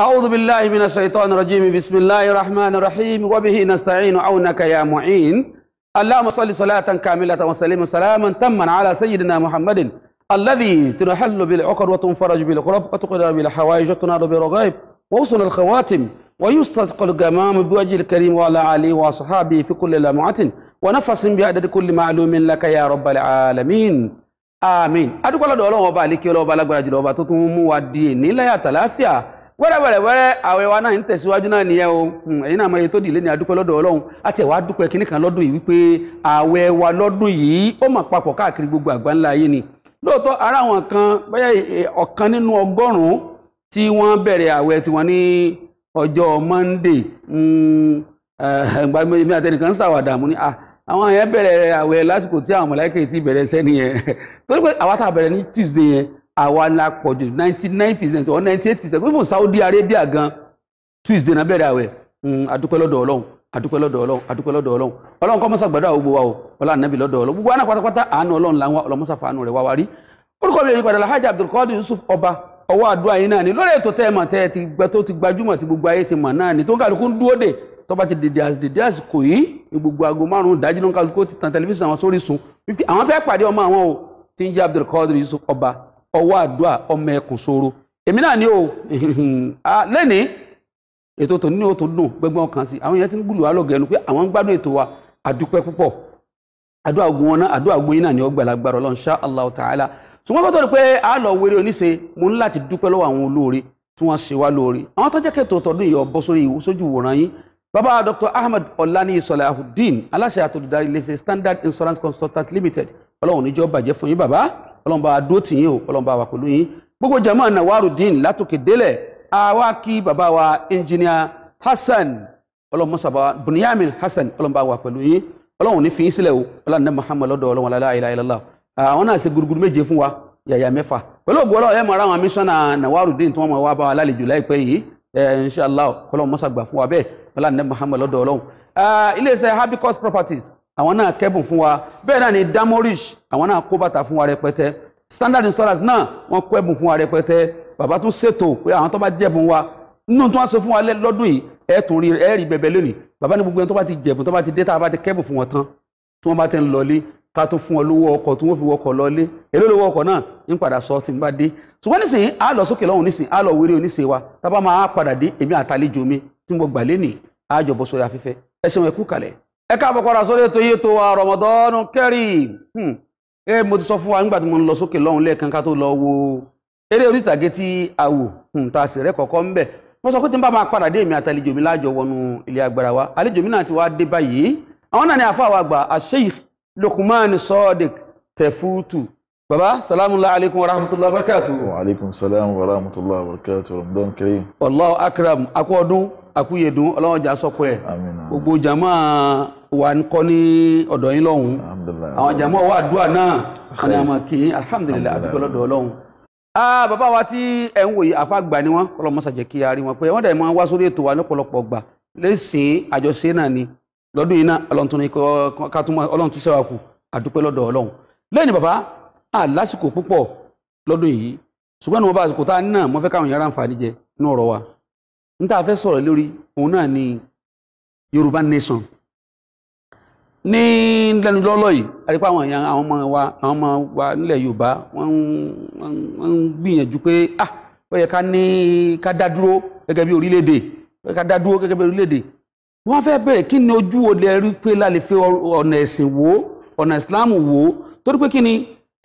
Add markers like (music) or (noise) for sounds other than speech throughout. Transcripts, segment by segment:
أعوذ بالله من الشيطان الرجيم بسم الله الرحمن الرحيم وبه نستعين عونك يا معين اللهم صل صلاة كاملة وسلم سلاما تما على سيدنا محمد الذي تنحل بالعقر وتنفرج بالقرب وتقضى بالحوائج وتنال بالرغائب ووصل الخواتم ويستدق الجمام بوجه الكريم وعلى آله وصحابه في كل لمعة ونفس بعدد كل معلوم لك يا رب العالمين آمين أدوك الله دولو وبالك يولو وبالك وبالك وبالك وبالك وبالك wẹ́rẹ́wẹ́rẹ́wẹ́rẹ́ àwẹ̀ wa náà ń tẹ̀síwájú náà nìyẹn o hmm, ẹ̀yin náà mọ iye tó dìlé ní adúpẹ́ lọ́dọ̀ ọlọ́run àti ẹ̀wà adúpẹ́ kínní kan lọ́dún yìí wípé àwẹ̀ wa lọ́dún yìí ó mà papọ̀ káàkiri gbogbo àgbáńlá ayé ni lóòótọ́ ara àwọn kan e, ọ̀kan nínú ọgọ́rùn-ún tí wọ́n bẹ̀rẹ̀ àwẹ̀ ní ọjọ́ Monday hmm, (laughs) àwa la pọ̀ jù ninety nine percent or ninety eight percent even Saudi Arabia gan Tuesday náà bẹ̀rẹ̀ àwẹ̀ mm, adúpẹ́ lọ́dọ̀ Ọlọ́run adúpẹ́ lọ́dọ̀ Ọlọ́run adúpẹ́ lọ́dọ̀ Ọlọ́run Ọlọ́run kọ́ mọ́sá gbàdúrà gbogbo wa o ọlá nàbì lọ́dọ̀ Ọlọ́run gbogbo àná pátápátá àánú Ọlọ́run là ń wá ọlọ́mọ́sá fàánú rẹ̀ wá wá rí orúkọ mi yẹn padà Alhaji Abdulkadir Yusuf Ọba ọwọ́ àdúrà yín náà ni lórí ètò tẹ́ ẹ mọ̀ tẹ́ ẹ ti gbẹ tó ti gbajúmọ̀ tí gbogbo ayé ti mọ̀ náà ni tó ń kálukú ń dúró dè tó bá ti dèdè àsìkò yìí ní gbogbo aago márùn-ún dájú ló ń kálukú ti tan tẹlifíṣàn àwọn sórí sùn àwọn fẹ́ pàdé ọmọ àwọn o tí ń jẹ́ Abdulkadir Yusuf Ọba ọwọ́ àdúrà ọmọ ẹkùn ṣòro èmi náà ni o (laughs) lẹ́nìí ètò tòun ní òtún dùn gbẹ́gbẹ́ ọkàn sí àwọn yẹn ti ń gbùlù wá lọ́gẹ̀ẹ́nu pé àwọn ń gbádùn ètò wa àdúpẹ́ púpọ̀ àdúrà ogun wọn náà àdúrà ogun yín náà ni ó gbà lágbára ọlọ́run ṣá allah ta'ala ṣùgbọ́n kótó ni pé a lọ wéré oníṣe mo ní láti dúpẹ́ lọ́wọ́ àwọn olóore tí wọ́n ṣe wá lóore àwọn tó jẹ́ kẹ́tọ̀ tọdún yìí ọbọ̀ sórí sójú wòran yín bàbá dr ahmed ọ̀lànì salahuddin aláṣẹ àtòdìdarí iléeṣẹ́ standard insurance consultant limited ọlọ́run níjọ́ bàjẹ́ fún yín bàbá ọlọ́run bá wa dúró tì yín o ọlọ́run bá wa pẹ̀lú yín gbogbo jama nawarudin látòkè délẹ̀ àwa kí bàbá wa engineer Hassan ọlọ́mọsàbá Bunyamin Hassan ọlọ́run bá wa pẹ̀lú yín ọlọ́run ní fi yín sílẹ̀ o ọlọ́run náà Muhammad lọ́dọ̀ ọlọ́run la ilaha illallah àwọn náà ṣe gudugudu méje fún wa yàyà mẹ́fà pẹ̀lú ògbó ọlọ́run ẹ̀ máa ra àwọn mísọ́nà nawarudin tí wọ́n máa wá bá wa lálejò láìpẹ́ yìí inshallah ọlọ́run mọ́sàgbà fún wa bẹ́ẹ̀ ọlọ́run náà Muhammad lọ́dọ̀ ọlọ́run ah, iléeṣẹ́ Habicus Properties àwọn náà kẹ́bùn fún wa bẹ́ẹ̀ náà ni damorish àwọn náà kó bàtà fún wa rẹpẹtẹ standard insurance náà wọ́n kó ẹ̀bùn fún wa rẹpẹtẹ bàbá tún ṣètò pé àwọn tó bá jẹ̀bùn wa nínú tí wọ́n sọ fún wa lọ́dún yìí ẹ̀ tún rí ẹ̀ rí bẹ̀bẹ̀ lónìí bàbá ní gbogbo ẹni tó bá ti jẹ̀bùn tó bá ti dé tá a bá ti kẹ́bùn fún wọn tán tí wọ́n bá ti ń lọlé ká tó fún wọn lówó ọkọ̀ tí wọ́n fi wọkọ̀ lọlé èló lówó ọkọ̀ náà ń padà sọ tí n bá dé ṣùgbọ́n nísìnyí á lọ sókè lọ́hùn nísìnyí á lọ wéré oníṣe wa tá a bá máa padà dé èmi àtàlejò mi tí mo ẹ kú kalẹ̀ ẹ káàbọ̀ padà sórí ètò yìí tó wa Ramadan Kareem hmm. ẹ mo ti sọ fún wa nígbà tí mo ń lọ sókè lọ́hùn lẹ́ẹ̀kan ká tó lọ wo eré orí ìtàgé tí a wò hmm, tá a sì rẹ́ kọ̀ọ̀kọ́ ń bẹ̀ mo sọ pé tí n bá máa padà dé èmi àtàlejò mi láàjọ wọnú ilé agbára wa àlejò mi náà ti wá dé báyìí àwọn náà ni àfa àwọn àgbà Sheikh Luqman Sodiq Tefutu baba salamu alaikum wa rahmatulah barakatu. wa alaykum salaam wa rahmatulah barakatu ramadan kareem. wallahu akram akú ọdún akú yẹdun ọlọ́run jà sọ́kọ Amin. gbogbo jama wa ń kọ́ ní ọ̀dọ̀ yín jama wa àdúrà náà kàní àmọ́ alhamdulillah. alhamdulilayi àdúgbò lọ́dọ̀ ọlọ́run. aa bàbá wa tí ẹ̀ ń wòye àfa gbà ni wọn kọ́lọ́ mọ́sá jẹ́ kí a rí wọn pé wọ́n dẹ̀ máa wá sórí ètò wa lọ́pọ̀lọpọ̀ gbà lẹ́sìn àjọṣe náà ni lọ́dún yìí náà ọlọ́run tún sẹ́wà kù àdúpẹ́ lọ́dọ̀ ọlọ́run lẹ́yìn bàbá àlásìkò púpọ̀ lọ́dún yìí ṣùgbọ́n ní wọ́n bá àsìkò tá a ní náà mo káwọn yàrá jẹ ní ọ̀rọ̀ wa n tá a fẹ́ sọ̀rọ̀ lórí òun náà ni Yorùbá nation ní lẹ́nu lọ́lọ́ yìí àwọn èèyàn àwọn ọmọ wa àwọn ọmọ wa nílẹ̀ Yorùbá wọ́n ń gbìyànjú pé ó yẹ ká ní ká dá dúró gẹ́gẹ́ bí orílẹ̀-èdè ká dá dúró gẹ́gẹ́ wo lè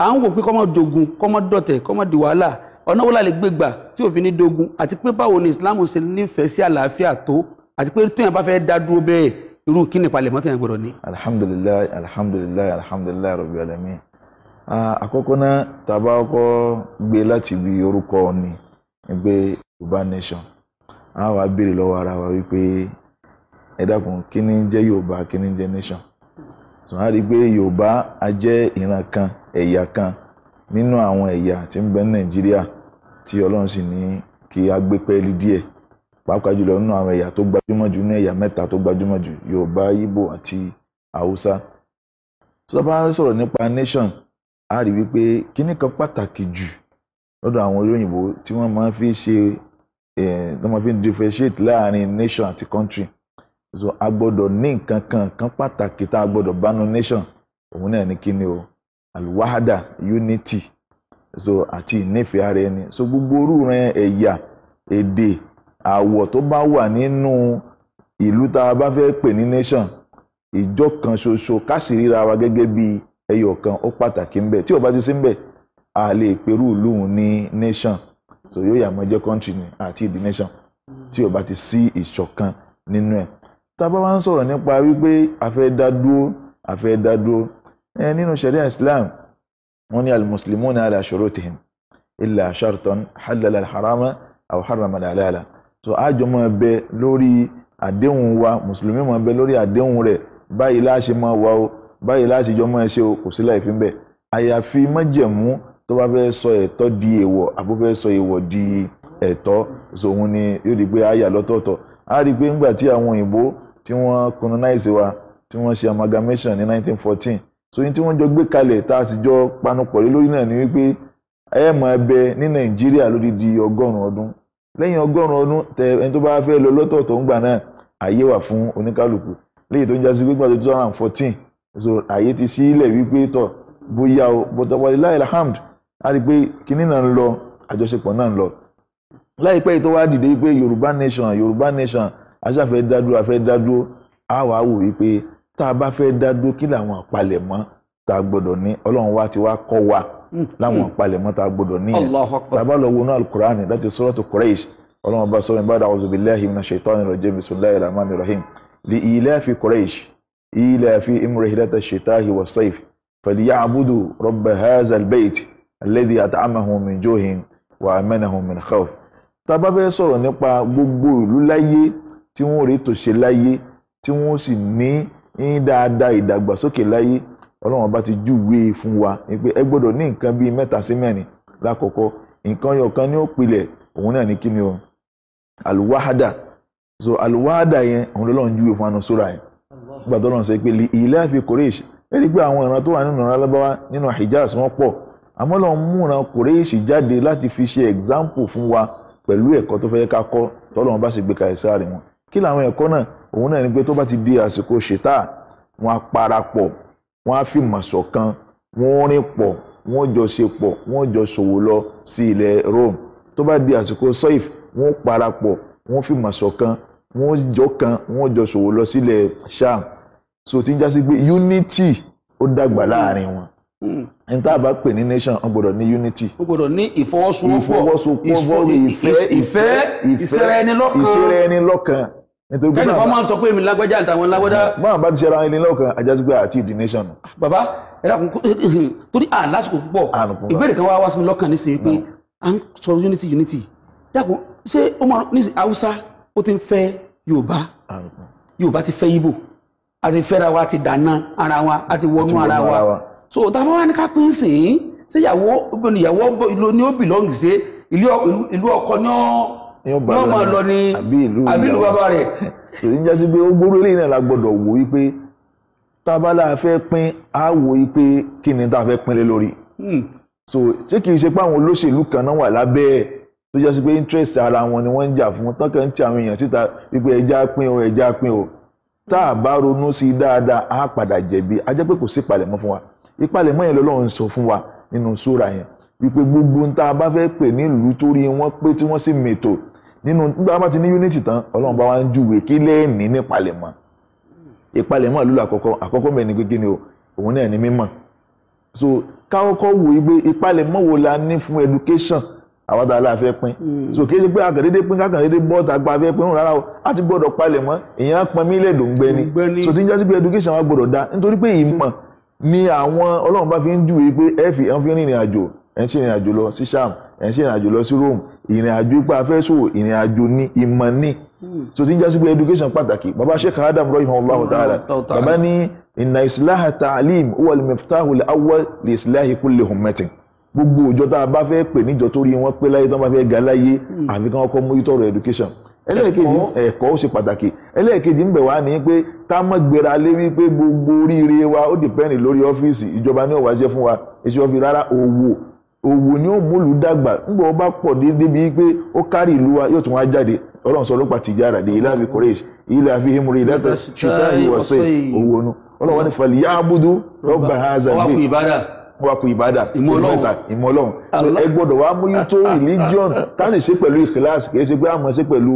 à ń wò pé kọ́mọ dogun kọ́mọ dọ̀tẹ̀ kọ́mọ di wàhálà ọ̀nà wo la lè gbé gbà tí òfin ní dogun àti pé báwo ni Islam ṣe nífẹ̀ẹ́ sí àlàáfíà tó àti pé tóyàn bá fẹ́ dá dúró bẹ́ẹ̀ irú kí ni palẹ̀mọ́ tóyàn gbọ́dọ̀ ní. alhamdulilayi alhamdulilayi alhamdulilayi rabbil alamin àkọ́kọ́ náà tàbá ọkọ̀ gbé láti ibi orúkọ ni pé Yorùbá nation a wá béèrè lọ́wọ́ ara wa wípé ẹ dákun kí ni jẹ́ Yorùbá kí nation sùn á rí i pé yorùbá a jẹ́ ìran kan ẹ̀yà kan nínú àwọn ẹ̀yà tí ń bẹ ní nàìjíríà tí ọlọ́run sì ní kí a gbé pẹ́ẹ́lí díẹ̀ pàápàá jùlọ nínú àwọn ẹ̀yà tó gbajúmọ̀ jù ní ẹ̀yà mẹ́ta tó gbajúmọ̀ jù yorùbá yíbò àti haúsá tó sọ̀rọ̀ nípa nation a rí wípé kíní kan pàtàkì jù lọ́dọ̀ àwọn olóyìnbó tí wọ́n máa fi ṣe eh, tó máa fi differentiate láàrin nation àti country so a gbọ́dọ̀ ní nǹkan kan kan pàtàkì tá a gbọ́dọ̀ bánu nation òun náà ní kíni o alwahada unity so àti ìnífẹ̀ẹ́ ara ẹni so gbogbo orú rẹ ẹ̀yà èdè àwọ̀ tó bá wà nínú ìlú tá a bá fẹ́ pè ní nation ìjọ kan ṣoṣo káṣì ríra wa gẹ́gẹ́ bí ẹyọ kan ó pàtàkì ńbẹ tí ó bá ti sí ńbẹ a lè perú ìlú ní nation so yóò yà mọ́ country ni àti ìdí nation tí ó bá ti sí ìṣọ̀kan nínú ẹ̀ tábà wá ń sọ̀rọ̀ nípa wípé àfẹ́ dá dúró àfẹ́ dá dúró ẹ nínú sharia islam wọ́n ní al-muslimuna ala shurutihim illa shartan halala al-harama aw harrama al-halala so àjọ máa bẹ lórí àdéhùn wa mùsùlùmí máa bẹ lórí àdéhùn rẹ̀ báyìí láṣẹ máa wà o báyìí láti jọ máa ṣe o kò sí láì fi ń bẹ àyàfi májẹ̀mú tó bá fẹ́ sọ ẹ̀tọ́ di èèwọ̀ àbó fẹ́ sọ èèwọ̀ di ẹ̀tọ́ so òun ni yóò di pé àyà lọ́tọ̀ọ̀tọ̀ á rí i pé ńgbà tí àwọn òyìnbó tí wọ́n colonize wa tí wọ́n ṣe amalgamation ní 1914 so yín tí wọ́n jọ gbé kalẹ̀ tá a ti jọ panupọ̀ lé lórí náà ni wípé ẹ máa bẹ ní nàìjíríà lódidi ọgọ́rùn-ún ọdún lẹ́yìn ọgọ́rùn-ún ọdún tẹ ẹni tó bá fẹ́ lọ lọ́tọ̀ọ̀tọ̀ ń gbà náà àyè wà fún oníkálukú léyìí tó ń jásí gbígbà tó 2014 so àyè ti sí ilẹ̀ wípé tọ̀ bóyá o but wàlíláì alhamd a rí pé kinní náà ń lọ àjọṣepọ̀ náà ń lọ láìpẹ́ yìí tó wá dìde pé yorùbá nation yorùbá nation aṣá fẹ́ dádúró a fẹ́ dádúró a wàá wò wípé tá a bá fẹ́ dádúró kí làwọn àpalẹ̀mọ́ tá a gbọ́dọ̀ ní ọlọ́run wa ti wá kọ́ wa hmm, hmm. láwọn àpalẹ̀mọ́ tá a gbọ́dọ̀ ní yẹn tá a bá lọ wọnú alukur'ani láti suratu Quraysh ọlọ́run bá sọ mi báyìí a'udhu billahi minash shaitani rajim bismillahir rahmanir rahim li ilafi Quraysh nípa gbogbo ìlú láyé tí wọ́n rí ètò ṣe láyé tí wọ́n sì ní ní dáadáa ìdàgbàsókè láyé ọlọ́run bá ti júwe fún wa ni pé ẹ gbọ́dọ̀ ní nǹkan bíi mẹ́ta sí mẹ́rin lákọ̀ọ́kọ́ nǹkan yọ̀kan ní ó pilẹ̀ òun náà ní kí ni o aluwahada so aluwahada yẹn òun lọ́lọ́run júwe fún anu sóra yẹn nígbà tó lọ́run sọ pé ilé àfi Quraysh ẹ̀rí pé àwọn ìran tó wà nínú alábáwá nínú Hijaz wọ́n pọ̀ àmọ́ lọ́run mú ìran Quraysh jáde láti fi ṣe example fún wa pẹ̀lú ẹ̀kọ́ tó fẹ́ ká kọ́ tọ́lọ́run bá sì gbé kalẹ̀ sáré wọn kí làwọn ẹ̀kọ́ náà òun náà ni pé tó bá ti di àsìkò ṣètà wọn á parapọ̀ wọn á fi mọ̀sọ̀ kan wọn rìn pọ̀ wọn jọ ṣe pọ̀ wọn jọ ṣòwò lọ sí ilẹ̀ Rome tó bá di àsìkò sọ́ìf wọn parapọ̀ wọn fi mọ̀sọ̀ kan wọn jọ kan wọn jọ ṣòwò lọ sí ilẹ̀ Sham so ti ń jásí pé unity ó dàgbà láàrin wọn hmm. n tá a bá pè ní nation ó gbọ́dọ̀ ní unity. ó gbọ́dọ̀ ní ìfọwọ́sowọ́pọ̀ ìfọwọ́sowọ́pọ̀ ìfẹ́ ìfẹ́ ìṣẹ̀rẹ̀ nítorí pé náà máa ń sọ pé èmi lágbájá àtàwọn lágbájá. báwọn bá ti ṣe ara ẹni lọ́kàn ajásígbé àti ìdí nation. bàbá ẹ dákun (laughs) torí à lásìkò púpọ̀ ìbéèrè kan wá wá sí mi lọ́kàn nísìnyí pé à ń sọ unity unity dákun ṣé ó máa nísìnyí haúsá ó ti ń fẹ́ yorùbá yorùbá ti fẹ́ ibo a ti fẹ́ra wa ti dáná ara wa a ti wọnú ara wa so táwọn wá ní ká pín sìn ín ṣé ìyàwó ìyàwó ni ó bìlọ́ǹgì sí ìlú ọkọ ni ó yóò bá lọ ní àbí ìlú bàbá rẹ̀. sòyí jásí pé ó gbóró eléyìí náà la gbọ́dọ̀ wò wípé tábàlà fẹ́ pín á wò wípé kí ni tá a fẹ́ pín lé lórí. Hmm. so ṣé kìí ṣe pé àwọn olóṣèlú kan náà wà lábẹ́ ẹ̀ tó jásí pé interest ara wọn ni wọ́n ń jà fún tọ́kàn ń ti àwọn èèyàn síta wípé ẹja pín o ẹja pín o tá a bá ronú sí i dáadáa á padà jẹ̀bi a jẹ́ pé kò sí ìpalẹ̀mọ́ fún wa ìpalẹ̀mọ́ yẹn lọ́lọ́run sọ fún wa nínú súra yẹn wípé gbogbo ń tá a bá fẹ́ pè nílùú torí wọ́n pé tí wọ́n sì mètò nínú nígbà bá ti ní unity tán ọlọ́run bá wá ń júwèé kí lè ní nípalẹ̀mọ́ ìpalẹ̀mọ́ àlùlọ àkọ́kọ́ àkọ́kọ́ mẹ́rin pé ni o òun náà ní mímọ̀ so kákọ́kọ́ wò ó pé ìpalẹ̀mọ́ wo la ní fún education àwọn tá a la fẹ́ pín hmm. so kì í ṣe pé akàndéédé pín kákàndéédé bọ́ọ̀tà gba fẹ́ pín rárá o a ti gbọ́dọ̀ palẹ̀mọ́ èèyàn pọn mílẹ̀ dòǹgbẹ ni so tí ń jásí pé education wa gbọ́dọ̀ da nítorí pé ìmọ̀ ni àwọn ọlọ́run bá fi ń júwèé pé ẹ fi ń rìnrìn àjò ẹ̀ ń ṣe ìrìn àjò lọ sí sham ẹ̀ ń ṣe ìrìn àjò lọ sí Rome ìrìn àjò ipa fẹ́ sòwò ìrìn ní ìmọ̀ ní hmm. so ti ń jásí pé education pàtàkì bàbá sheikh adam rahimahullahu hmm. ta'ala bàbá ní inna islaha ta'lim huwa al-miftahu al-awwal li islahi kulli ummatin gbogbo òjọ tá a bá fẹ́ pè níjọ tó rí wọn pé láyé tán bá fẹ́ ga láyé hmm. àfi kí wọ́n kọ́ mójútó ọ̀rọ̀ education ẹlẹ́ẹ̀kejì ẹ̀kọ́ ó ṣe pàtàkì ẹlẹ́ẹ̀kejì ń bẹ̀ wá ní pé ká mọ̀ gbéra lé wípé gbogbo oríire wa ó dìpẹ́ndì lórí ọ́fíìsì ìjọba ní ọ̀wá ṣe fún wa iṣẹ́ ọ́fíìsì rárá òwò òwò ni ó múlù dàgbà ńgbà ó bá pọ̀ débi pé ó kárì ìlú wa yóò tún wá jáde ọlọ́run sọ ọlọ́pàá ti jára dé ilé àfi kọ́rẹ́ẹ̀sì ilé àfi himori ilé àti ṣùtá ìwọ̀sẹ̀ òwò nu ọlọ́run ní falẹ̀ yá abúdú rọ́bà haza gbé wọ́n wá ku ìbádà ìmọ̀ta ìmọ̀lọ́hún so ẹ gbọ́dọ̀ wá mójútó (laughs) religion táàsì ṣe pẹ̀lú ìkíláàsì kì í ṣe pé àmọ́ ṣe pẹ̀lú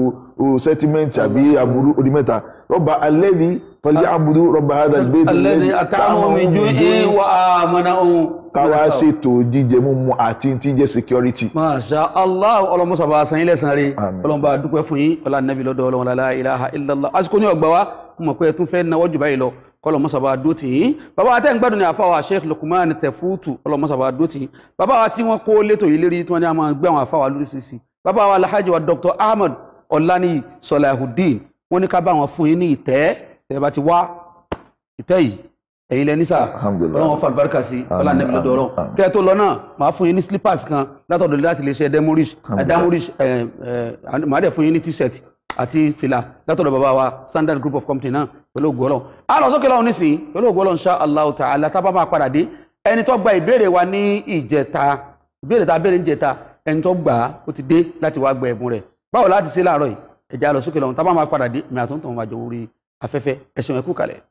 sentiment àbí aburú odi mẹ́ta rọ́bà alẹ́ ni falyabudu rọba hada albayt alladhi at'amahum min ju'in wa amanahum. káwa ṣètò jíjẹ mímu àti tíjẹ security. masha allah ọlọmọsà bá san ilẹ̀ san re ọlọmọba dúpẹ́ fún yín ọlá nàbí lọ́dọ̀ ọlọmọlá la ilaha illallah àsìkò ní ọgbà wa mo pé tún fẹ́ náwó jù báyìí lọ kọlọmọsàbà dótì yìí bàbá wa tẹ́ ń gbádùn ní àfáwà Sheikh Lukman Tefutu kọlọmọsàbà dótì yìí bàbá wa tí wọ́n kó létò yìí lérí tí wọ́n ní a gbé àwọn àfáwà lóríṣiríṣi bàbá wa alhaji wa Dr. Ahmed Ọláníyì Salahudeen wọ́n ní ká bá wọn fún yín ní ìtẹ́ tẹ́ bá ti wá ìtẹ́ yìí ẹ̀yin lẹ nísà ọlọ́run ọfà àlùbáríkà sí ọlá nẹ́bí lọ́dọ̀ ọ̀rọ̀ kẹ́ ẹ tó lọ náà màá fún yín ní slippers kan látọ̀dọ̀ láti lè ṣe demorish eh, demorish eh, eh, màá dẹ̀ fún yín ní t-shirt àti fìlà látọ̀dọ̀ bàbá wa standard group of company náà pẹ̀lú ògùn ọlọ́run a lọ sókè lọ́run nísìnyí pẹ̀lú ògùn ọlọ́run ṣá Allahu ta'ala tá bá máa padà dé ẹni tó gba ìbéèrè wa ní ìjẹta ìbéèrè tá béèrè níjẹta ẹni tó gbà á ó ti dé láti wá gba ẹ̀bùn rẹ̀ a lọ sókè lọ́run tá bá afẹ́fẹ́ ẹ̀sùn ẹ̀kú kalẹ̀.